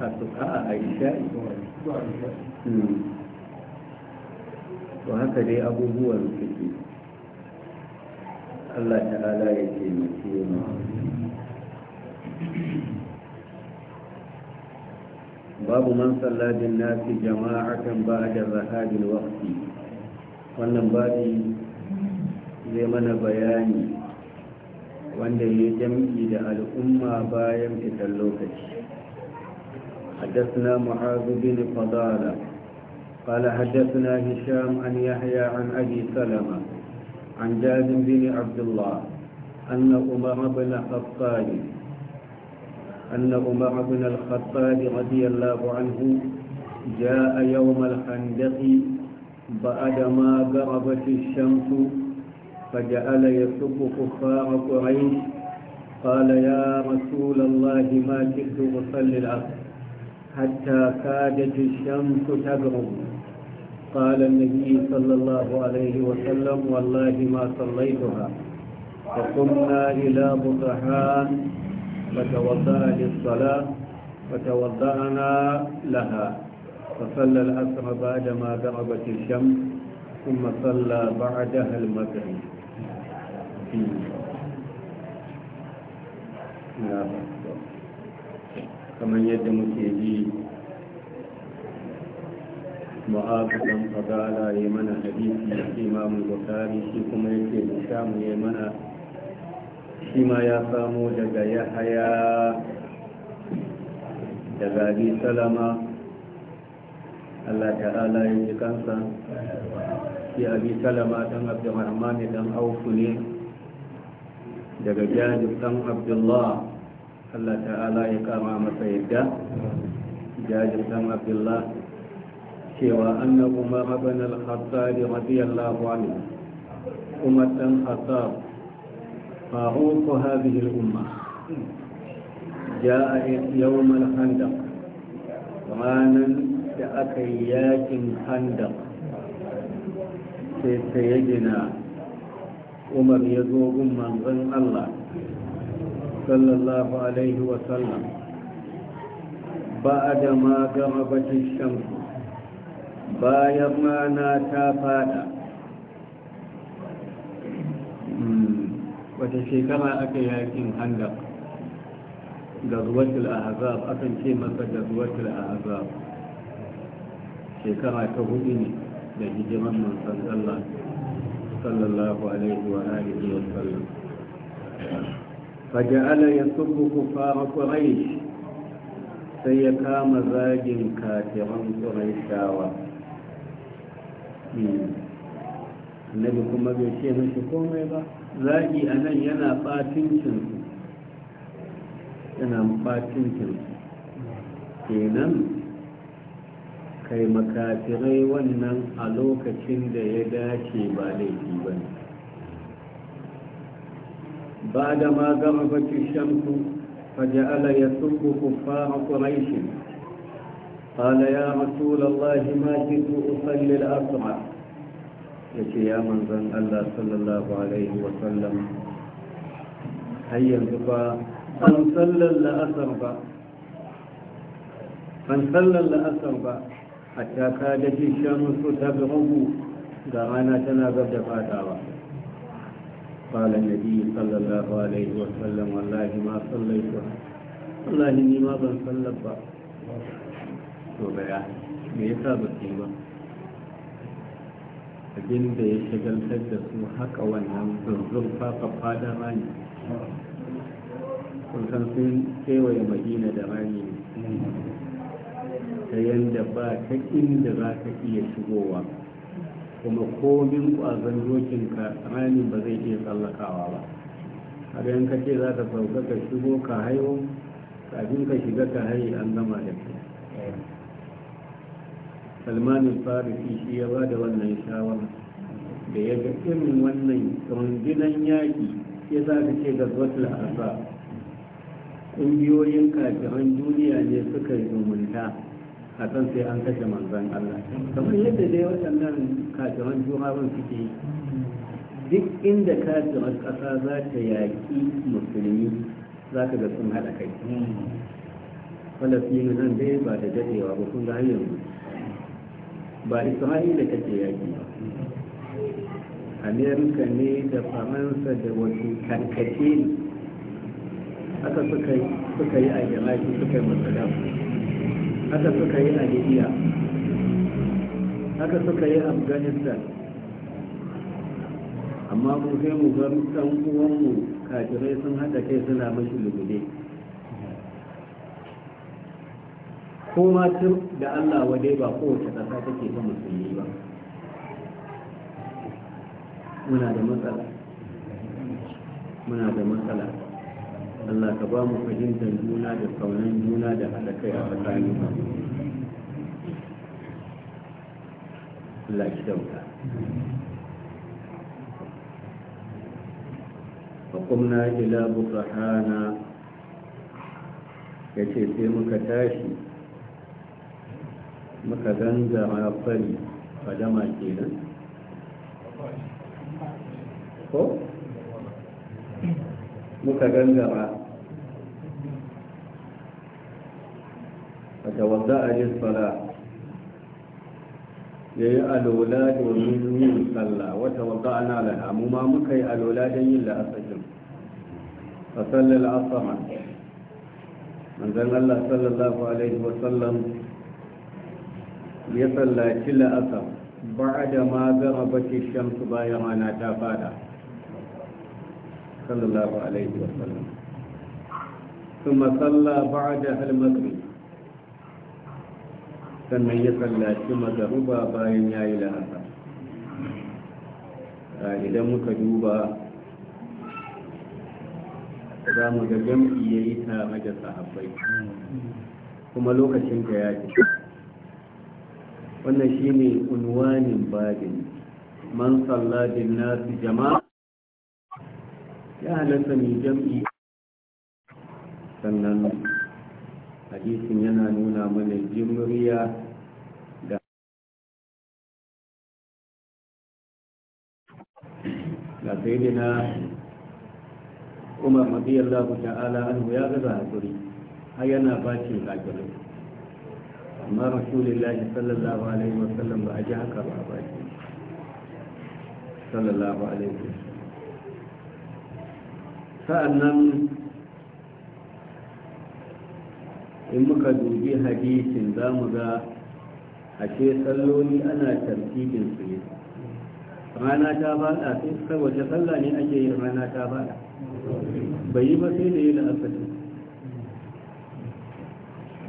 a suka a isha'i hmm. to haka dai abubuwan suke Allah ta'ala ya ce you. باب من صلى jama'a جماعة بعد الرهاج الوقت wannan bari zai mana bayani wanda ya yi jam’i da al’umma bayan fitar lokaci haddasa ma’azu bin fadala ƙala haddasa na hisham an yahya an abi salama an jazin bin abdullahi an na umar abin hafsari أن عمر بن الخطاب رضي الله عنه جاء يوم الخندق بعد ما غربت الشمس فجعل يسب كفار قريش قال يا رسول الله ما كدت أصلي العصر حتى كادت الشمس تغرب قال النبي صلى الله عليه وسلم والله ما صليتها فقمنا إلى بطحان فتوضأ للصلاة فتوضأنا لها فصلى العصر بعدما غربت الشمس ثم صلى بعدها المغرب kamar yadda muke ji ma'abudan fagala ya mana hadisi imamu bukari shi kuma yake da shamu mana shi ma ya samo daga yahaya daga bi salama Allah ta'ala ya ji kansa shi bi salama dan abdurrahman ɗan auku ne daga jajib dan abdullah Allah ta'ala ya kama masa yadda jajib dan abdullah cewa annabu ma mabana al-khattab radiyallahu anhu umar ɗan khattab فاروق هذه الأمة جاء يوم الخندق رانا تأكياك خندق سيدنا عمر يزوغ من ظن الله صلى الله عليه وسلم بعد ما غربت الشمس بايرنا ناتا فادا wata shekara aka yakin handak gazuwatul ahzab akan ce masa gazuwatul ahzab shekara ta hudu ne da hijiran manzon Allah sallallahu alaihi wa alihi wa sallam فجعل يسب كفار قريش سيكام زاج كافرا قريشاوى النبي كما بيشير من zaki a nan yana batincin yana batincin kenan kai makafirai wannan a lokacin da ya dace ba laifi ba ne ba da ma gama bacin shamsu فجعل يسب كفار kuraishin قال يا رسول الله ما جئت أصلي الأسرى ya ce ya manzan Allah sallallahu Alaihi wasallam hayyar ba ban sallar la'asar ba a taka da shishiyar musu ta bi hagu ga rana tana gab da fadawa ƙwalar nabi sallallahu Alaihi wasallam wallahi ma sallai ba wallahi ni ma ban sallar ba to bayan me yasa ba ke ba abin da ya shagaltar da su haka wannan zurzurfa fafada rani kusan sun kewaye madina da rani ta yadda ba ta inda za ka iya shigowa kuma komin kwazon dokinka rani ba zai iya tsallakawa ba har yanka ka ce za ka sauka ka shigo ka haihu kafin ka shiga ka haihu an gama da ke salmanin farisi shi ya ba da wannan shawara da ya ga irin wannan rundunan yaƙi ya za ta ce gazwatul arba ƙungiyoyin kafiran duniya ne suka yi zumunta a san sai an kashe manzan Allah kamar yadda dai waɗannan kafiran jumawan suke duk inda kafirar ƙasa za ta yaƙi musulmi za ka ga sun haɗa kai hmm. falastinu nan dai ba da daɗewa ba kun ga yanzu ba isra'ila take yaki ba amerika ne da faransa da wasu karkace ne haka suka yi a iraki suka yi masadam haka suka yi a libya haka suka yi afghanistan amma mu kai mu bar ɗan uwanmu kajirai sun hada kai suna mashi lubule ko ma da Allah wadai ba kowace ƙasa take ta musulmi ba muna da matsala muna da matsala Allah ka ba mu fahimtar juna da kaunan juna da haɗa kai a tsakanin ba Allah shi dauka فقمنا إلى برهانا يتي في مكتاشي muka a fari fadama kenan ko muka gangara fatawadda a yin fara ya yi alola domin yin tsalla wata wadda ana lahamu ma muka yi alola don yin la'asashin tsallar asama manzan allah sallallahu alaihi wasallam ya sallaci la'asar ba da ma zara bace shamsu bayan rana ta fada sallallahu alaihi wasallam ba a da المغرب sannan ya sallaci magaruba bayan ya yi la'asar idan muka duba za mu ga jam'i ya yi ta majasa sahabbai kuma lokacin ka ya ce wannan shi ne unwanin babin man salla bin nasi jama'a ya halatta mai jam'i sannan hadisin yana nuna mana jimriya da ga sayidina umar radiyallahu ta'ala anhu ya gaza hakuri har yana bacin kafirai amma rasulullahi sallallahu alaihi wa sallam ba a ji haka ba ba sallallahu alaihi sa'annan in muka dubi hadisin za mu ga a ce salloni ana tartibin su ne rana ta fada sai wace sallah ne ake yin rana ta fada bai yi ba sai da yi la'asari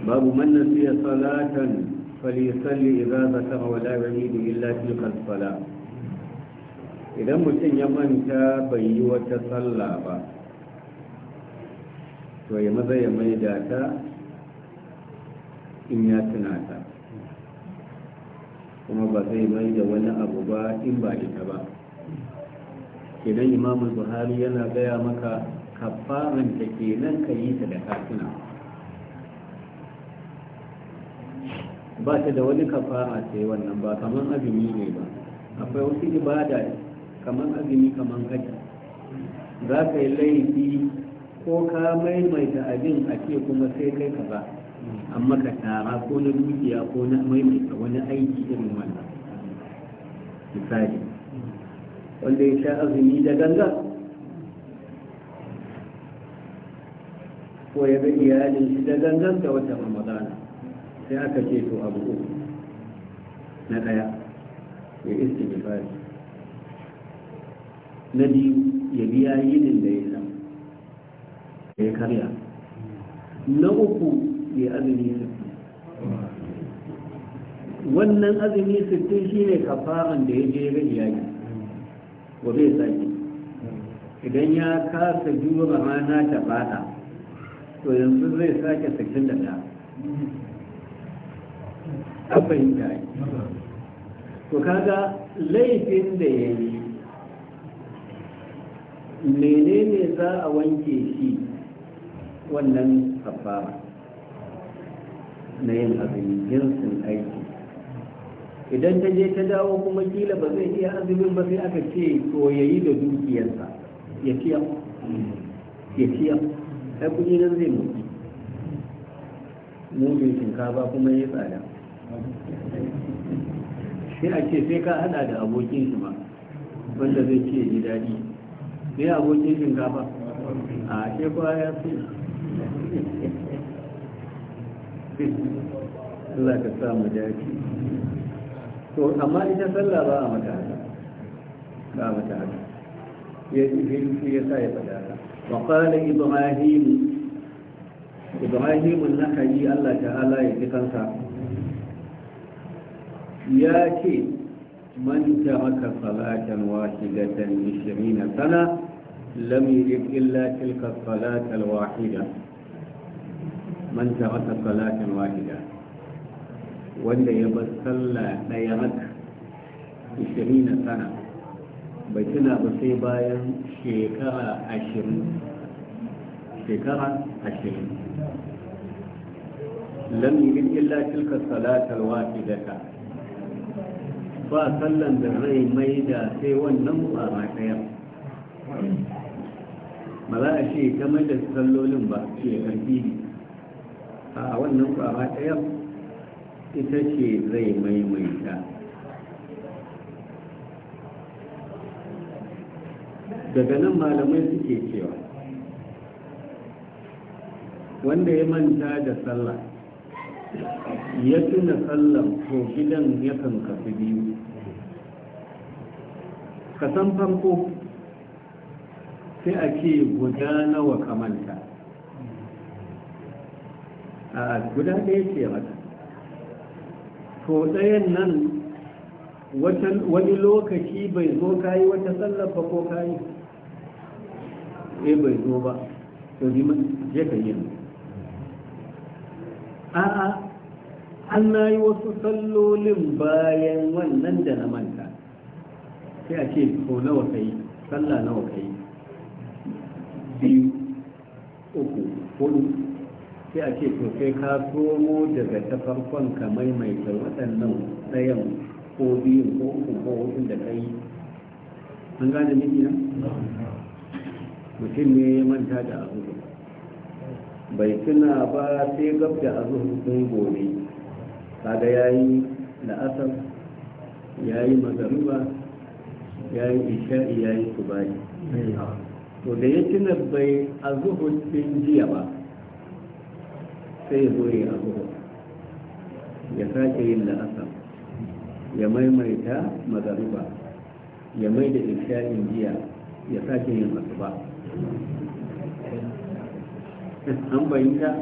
باب من نسي صلاة فليصلي إذا ذكر ولا يعيد إلا تلك الصلاة إذا متن يمنت بي وتصلى ويمضى داتا إن يتناتا kuma ba zai mai da wani abu ba in ba ita ba kenan imamul buhari yana gaya maka kafaran ta kenan ka yi ta da katina ba ta da wani kafara sai wannan ba kamar azumi ne ba akwai wasu ibada kamar azumi kamar haji za ka yi laifi ko ka maimaita abin a ce kuma sai kai ka ba amma ka tara ko na dukiya ko na maimaita wani aiki irin wannan misali wanda ya sha azumi da ganga ko ya ga iyalin shi da gangan da wata ramadana sai aka ce to abu uku na ɗaya ya fari na biyu ya biya yinin da ya samu da ya karya na uku ya azumi sittin wannan azumi sittin ne kafaran da ya je ga iyali wa bai sake idan ya kasa jura rana ta bada to yanzu zai sake sakin da ta an fahimta yi to kaga laifin da ya yi menene za a wanke shi wannan kafara na yin abin jinsin aiki idan ta je ta dawo kuma kila ba zai iya azumin ba sai aka ce to ya yi da dukiyarsa ya fiya ya fiya ai kuɗi nan zai mutu mutu shinkafa kuma ya tsada sai a ce sai ka hada da abokin shi ba wanda zai ce ji daɗi sai abokin shinkafa a ce kuwa ya fi Allah ka mu dadi to amma ita sallah ba a mata ba a mata yi ya ya sa ya fada wa qala ibrahim ibrahim an-nakhai Allah ta'ala ya kansa يا شيء من ترك صلاة واحدة عشرين سنة لم يجد إلا تلك الصلاة الواحدة من ترك صلاة واحدة وأن يبصل ديرك عشرين سنة بيتنا بصيبا شيكرا عشرين شيكرا عشرين لم يجد إلا تلك الصلاة الواحدة ba sallan da zai mai da sai wannan kwara daya ba za a ce ta mai da sallolin ba ce karfi ne a wannan ma ɗaya ita ce zai maimaita daga nan malamai suke cewa wanda ya manta da sallah ya tuna sallar to gidan ya kan kafi biyu ka san farko sai a guda nawa kamanta a guda ɗaya ce mata to ɗayan nan wani lokaci bai zo kayi wata sallar ba ko kayi eh bai zo ba to je ka yi a'a an na yi wasu sallolin bayan wannan da na manta sai a ce ko nawa ka yi sallah nawa ka yi biyu uku hudu sai a ce to sai ka somo daga ta farkon ka maimaita waɗannan ɗayan ko biyun ko uku ko hudun da ka yi an gane miki nan mutum ne ya manta da abubuwa bai tuna ba sai gab da azuhur sun gobe kaga yayi la'asar yayi magariba yayi isha'i yayi subahi to da ya tuna bai azuhur sun jiya ba sai ya zo ya ya sake yin la'asar ya maimaita magariba ya mai da isha'in jiya ya sake yin asuba an bayyana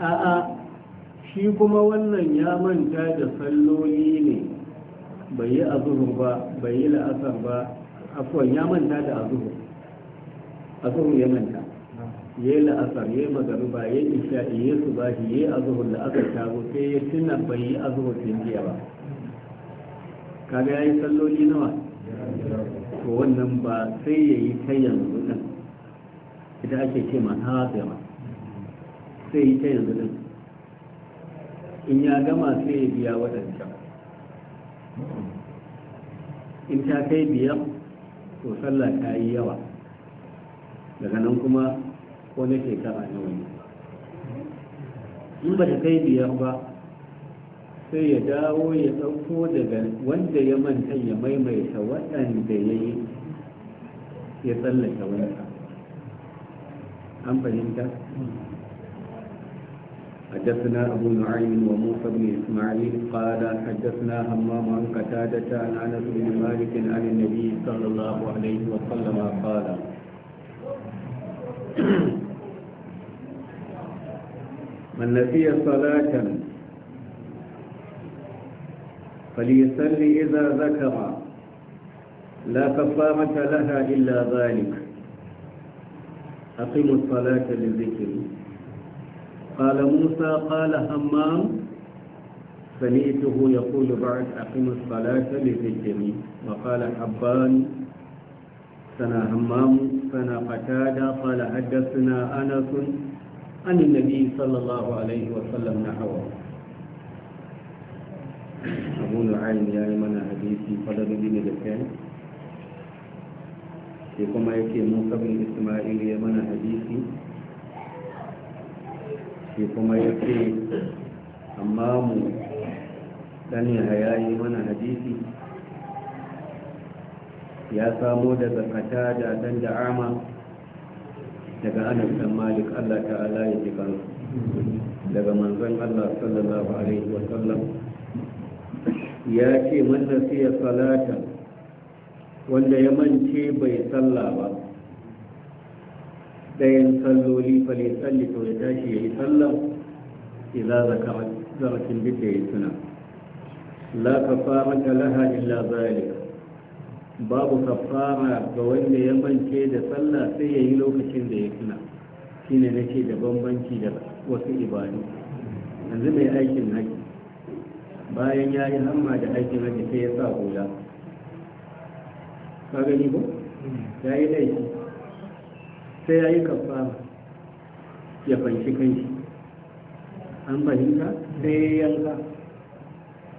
a'a shi kuma wannan ya manta da salloli ne bai yi azuhur ba bai yi la'asar ba afuwan ya manta da azuhur azuhur ya manta ya yi la'asar ya yi ba ya yi isha'i ya su ba shi ya yi azuhur la'asar ta zo sai ya tuna bai yi azuhur sun jiya ba kaga ya yi salloli nawa to wannan ba sai ya yi ta yanzu ita ake ce ma hasira sai yi ta yanzu din in ya gama sai ya biya waɗancan in ta kai biyar to sallah ta yi yawa daga nan kuma wani shekara nawa wani in ba ta kai biyar ba sai ya dawo ya ɗauko daga wanda ya manta ya maimaita waɗanda ya yi ya tsallaka wanda an fahimta حدثنا أبو نعيم وموسى بن إسماعيل قال حدثنا همام عن قتادة عن أنس بن مالك عن النبي صلى الله عليه وسلم قال من نسي صلاة فليصلي إذا ذكر لا كفارة لها إلا ذلك أقيموا الصلاة للذكر قال موسى قال همام سمعته يقول بعد أقيموا الصلاة للذكر وقال حبان سنا همام سنا قتادة قال حدثنا أنس عن النبي صلى الله عليه وسلم نحوه أبو نعيم يا من حديثي فلا من لسانه shi kuma yake mun kabin ismail ya mana hadisi shi kuma yake amma mu dan yahaya yi mana hadisi ya samo daga kata da dan da'ama daga anas dan malik allah ta'ala ya ji kan daga manzon allah sallallahu alaihi sallam ya ce man nasiya salatan wanda ya mance bai salla ba ɗayan salloli fale tsalli to tashi ya yi sallan idan zarafin duk ya tuna la fara ta laha illa zalik babu fara ga wanda ya mance da sallah sai ya yi lokacin da ya tuna shine ce da bambanci da wasu ibadu yanzu mai aikin haji bayan ya yi hamma da aikin haji sai ya sa hula ka ko ya yi laifi sai ya yi kafara ya fanci kai an fahimta sai ya yanka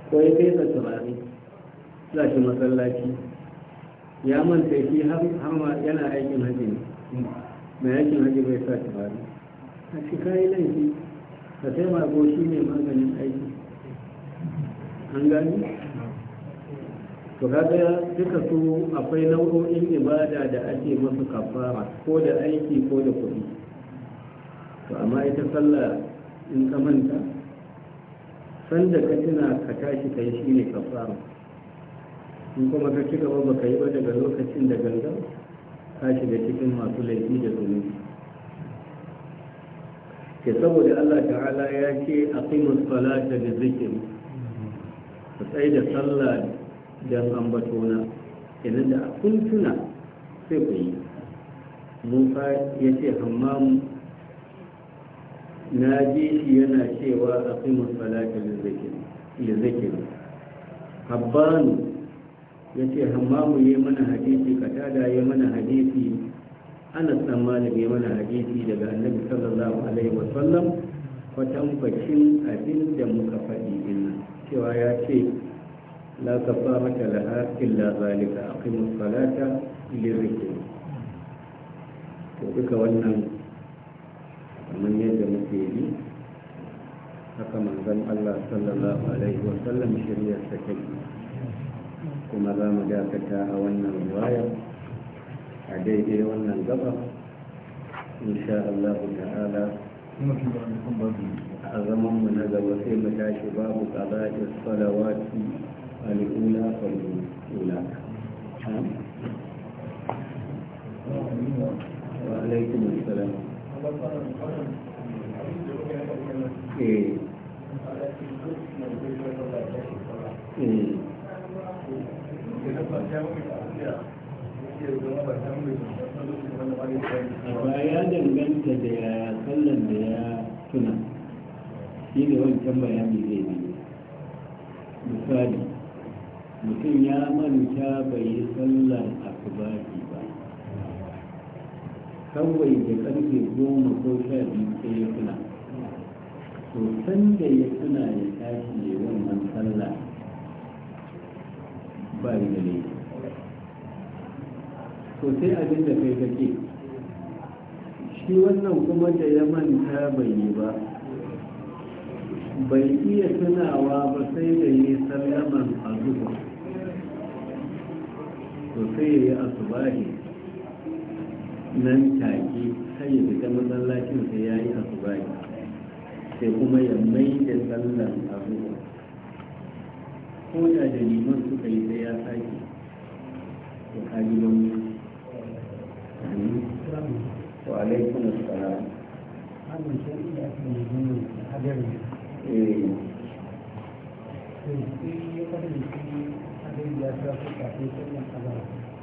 ko ya fesa turare za shi masallaci ya manta shi har ma yana aikin haji ne mai aikin haji bai sa turare a shi kayi laifi ka taimako shi ne maganin aiki an gani to kaga duka su akwai nau'o'in ibada da ake masa kafara ko da aiki ko da kuɗi to amma ita sallah in ka manta sanda ka tuna ka tashi kai shi ne kafara in kuma ka ci gaba baka yi ba daga lokacin da ganga ka shiga cikin masu laifi da zunubi ke saboda Allah ta'ala ya ce aqimus salata da zikiri ku tsaye da sallah don na, idan da kun tuna sai ku yi musa ya ce hammamu na ji shi yana cewa a fi da lizikin habbanu ya ce hammamu ya mana hadisi katada ya mana hadisi Ana tsammanin ya mana hadisi daga annabi sallallahu alaihi wasallam kwatankwacin abin da muka faɗi din cewa ya ce لا كفارة لها إلا ذلك أقم الصلاة لذكر وبك ولنا من يد مسيدي haka manzon Allah sallallahu alaihi wa sallam shirya sakin kuma za mu dakata a wannan riwaya a daidai wannan gaba insha Allah ta'ala a zaman mu na gaba sai mu tashi babu qada'is salawati الأولى فالأولى وعليكم السلام إيه إيه ba ya danganta da ya sallan da ya tuna shi ne wancan bayani zai ne misali mutum ya manta bai yi sallar akubari ba kawai da karfe goma ko sha biyu sai ya kuna. to san da ya tuna ya tashi ne wannan sallah ba yi da laifi to sai abin da kai kake shi wannan kuma da ya manta bai yi ba bai iya tunawa ba sai da yi sallar. sai ya yi nan take sai ya fita masallacin sai ya yi asubahi sai kuma ya mai da tsallan abubuwa ko da da liman suka yi sai ya sake to kaji wani wa alaikum assalam eh sai ya kasance a ya sa su kafin sallar azhar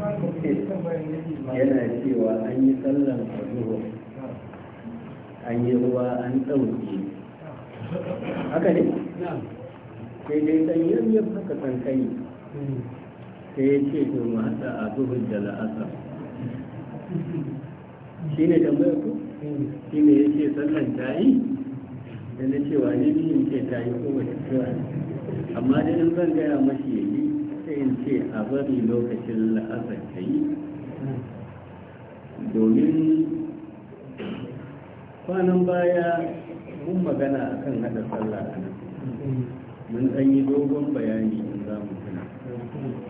yana cewa an yi sallan a an yi ruwa an ɗauke haka ne sai dai ɗan yaryar haka kai sai ya ce to mu haɗa a zuwa da la'asar shi ne tambayar ku shi ne ya ce sallan ta yi da na cewa ne biyun ce ta yi ko wata amma da in zan gaya mashi ya yi sai in ce a bari lokacin la'asar ka yi domin kwanan baya mun magana a kan hada sallah a nan mun ɗan yi dogon bayani in za mu tuna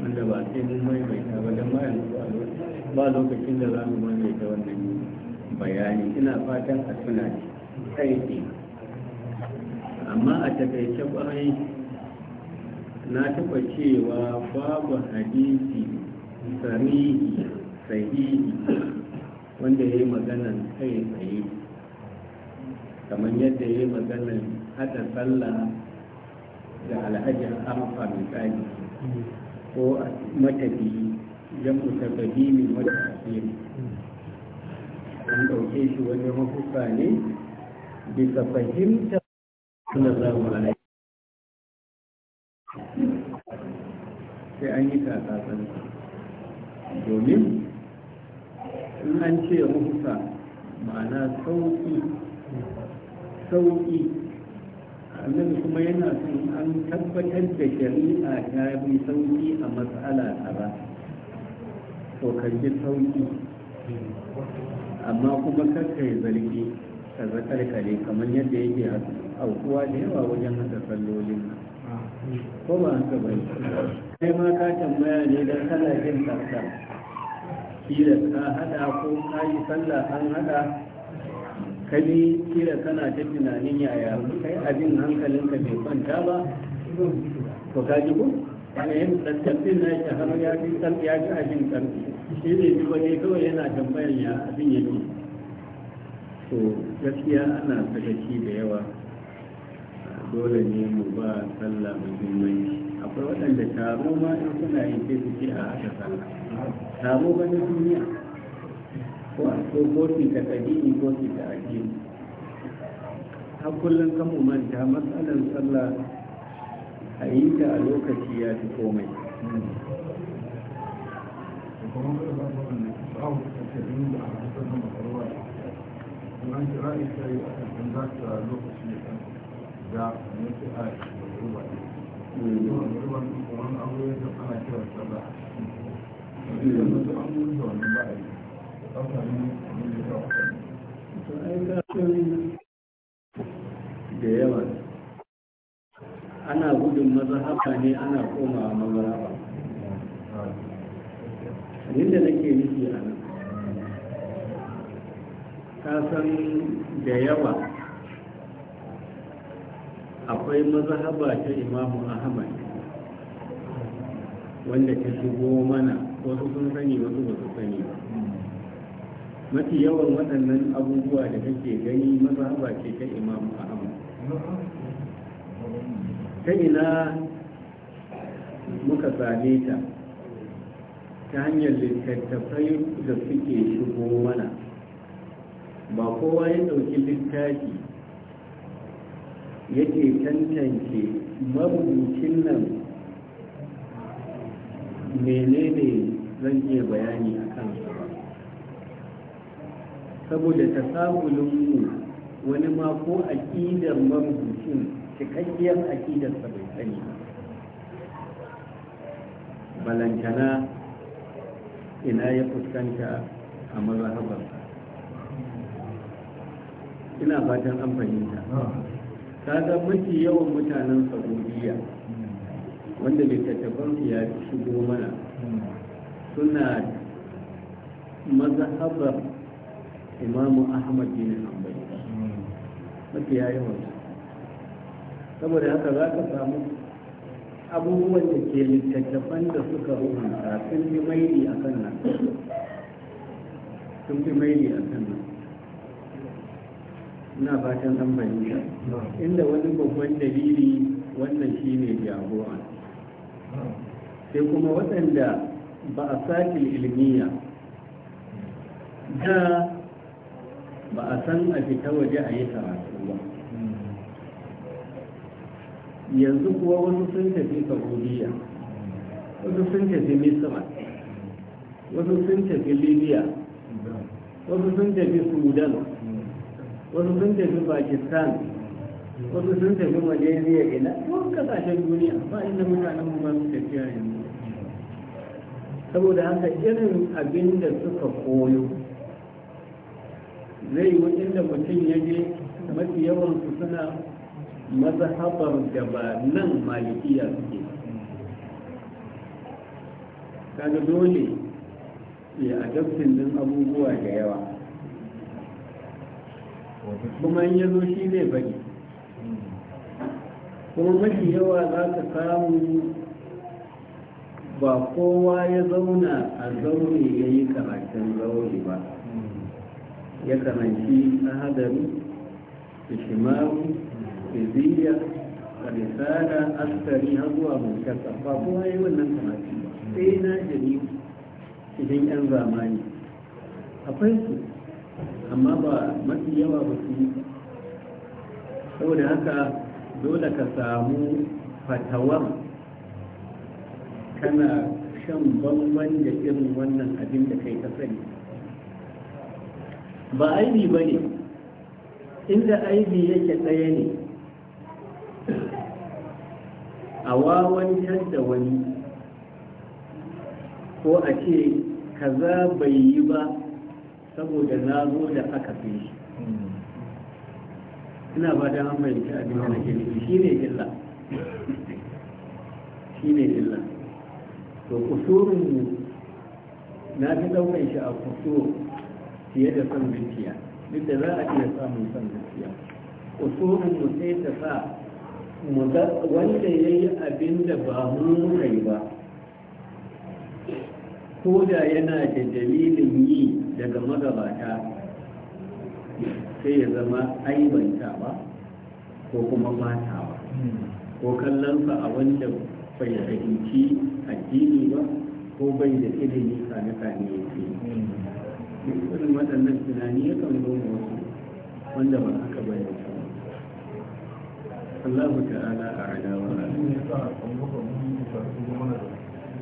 wanda ba sai mun maimaita ba don bayan ba lokacin da za mu maimaita wannan bayani ina fatan a tuna ne kai amma a takaice kwarai na taɓa cewa babu hadisi sarihi sahihi wanda ya yi maganan kai tsaye kamar yadda ya yi maganan haɗa sallah da alhaji amfa misali ko matafi yan mutafafi wata matafi an ɗauke shi wani mafuka ne bisa fahimta suna zama sai an yi tatsatsan domin in an ce ruhusa ma'ana sauƙi sauƙi annabi kuma yana son an tabbatar da shari'a ta bi sauƙi a matsala kaza to ka sauƙi amma kuma kakkai zargi ka kare kamar yadda yake aukuwa da yawa wajen hada sallolin nan ko ba haka ba kai ma ka tambaya ne da kana jin tsafta kira ka hada ko ka yi sallah an hada kali kira kana ta tunanin yaya kai abin hankalinka bai kwanta ba to ka ji ko ana yin tsattafin na shi har ya fi tsafta ya fi abin tsarki shi ne ji wani kawai yana tambayar ya abin yake to gaskiya ana sakaci da yawa dole ne mu ba sallah muhimmanci akwai waɗanda taro ma in suna yin sai su ce a haka sallah taro ba na duniya ko a so ko ta kadini ko su ta addini har kullum mu manta matsalar sallah a yi ta a lokaci ya fi komai Thank you. da yawa ana gudun mazahaba ne ana komawa mazahaba da nake nufi a nan san da yawa akwai mazhaba ta imamu ahmad wanda ta shigo mana wasu sun sani wasu ba su sani ba mafi yawan waɗannan abubuwa da kake gani mazhaba ce ta imamu ahmad ta ina muka same ta ta hanyar littattafai da suke shigo mana ba kowa ya ɗauki littafi yake tantance marubucin nan menene zan iya bayani a kansa ba saboda tasawulinmu wani mako ko aƙidar marubucin cikakkiyar aƙidarsa bai sani balantana ina ya fuskanta a mazhabarsa ina fatan an fahimta kaga mafi yawan mutanen saudiya wanda littattafan su ya shigo mana suna mazhabar imamu ahmad bin hanbali mafi yawan saboda haka za ka samu abubuwan da ke littattafan da suka rubuta sun fi maili a kan nan sun fi maili a kan nan ina fatan an fahimta inda wani babban dalili wannan shi ne jagora sai kuma waɗanda ba a sakin ilmiya da ba a san a fita waje a yi karatu ba yanzu kuwa wasu sun tafi saudiya wasu sun tafi misra wasu sun tafi libya wasu sun tafi sudan wasu sun tafi pakistan wasu sun tafi malaysia ina wasu kasashen duniya ba inda mutanen mu ba su tafiya yanzu saboda haka irin abin da suka koyo zai yi inda mutum ya je mafi su suna mazhabar da ba nan malikiya suke kaga dole ya adabtin din abubuwa da yawa kuma in yazo shi zai bari kuma mafi yawa za ka samu ba kowa ya zauna a zaune ya yi karatun zaune ba ya karanci ahadari ishimaru iziya risala askari har zuwa mulkasa ba kowa ya yi wannan karatun ba sai na jini cikin yan zamani akwai su amma ba mafi yawa ba su yi saboda haka dole ka samu fatawar kana shan bamban da irin wannan abin da kai ka sani ba aibi ba ne inda aibi yake tsaye ne a wawancar da wani ko a ce kaza bai yi ba saboda na zo da aka fi shi ina ba da an bayanci abin da nake nufi shi ne illa shi ne illa to kusurin mu na fi daukan shi a kusur fiye da son zuciya duk da za a iya samun son zuciya kusurin mu sai ta sa wanda ya yi abin da ba mu muka yi ba ko da yana da dalilin yi daga magabata sai ya zama aibanta ba ko kuma matawa ko kallon ka a wanda bai fahimci addini ba ko bai da ilimi kane-kane ya ce irin waɗannan tunani ya kan zo wasu wanda ba aka bayyana Allah ta'ala a adawa.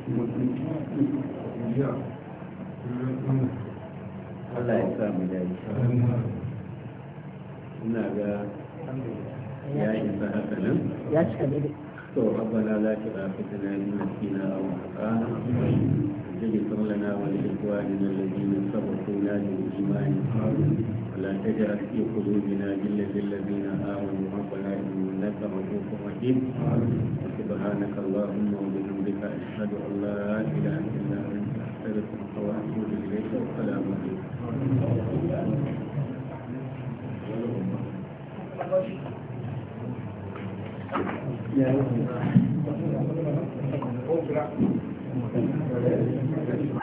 Allah ya sa mu dai ina ga ya isa haka nan ya cika dai to rabbana la tu'akhidhna in nasina aw akhtana اغفر لنا ولإخواننا الذين سبقونا بالإيمان ولا تجعل في قلوبنا إلا للذين آمنوا ربنا إنك رؤوف رحيم سبحانك اللهم وبحمدك أشهد أن لا إله إلا أنت أستغفرك وأتوب إليك والسلام عليكم.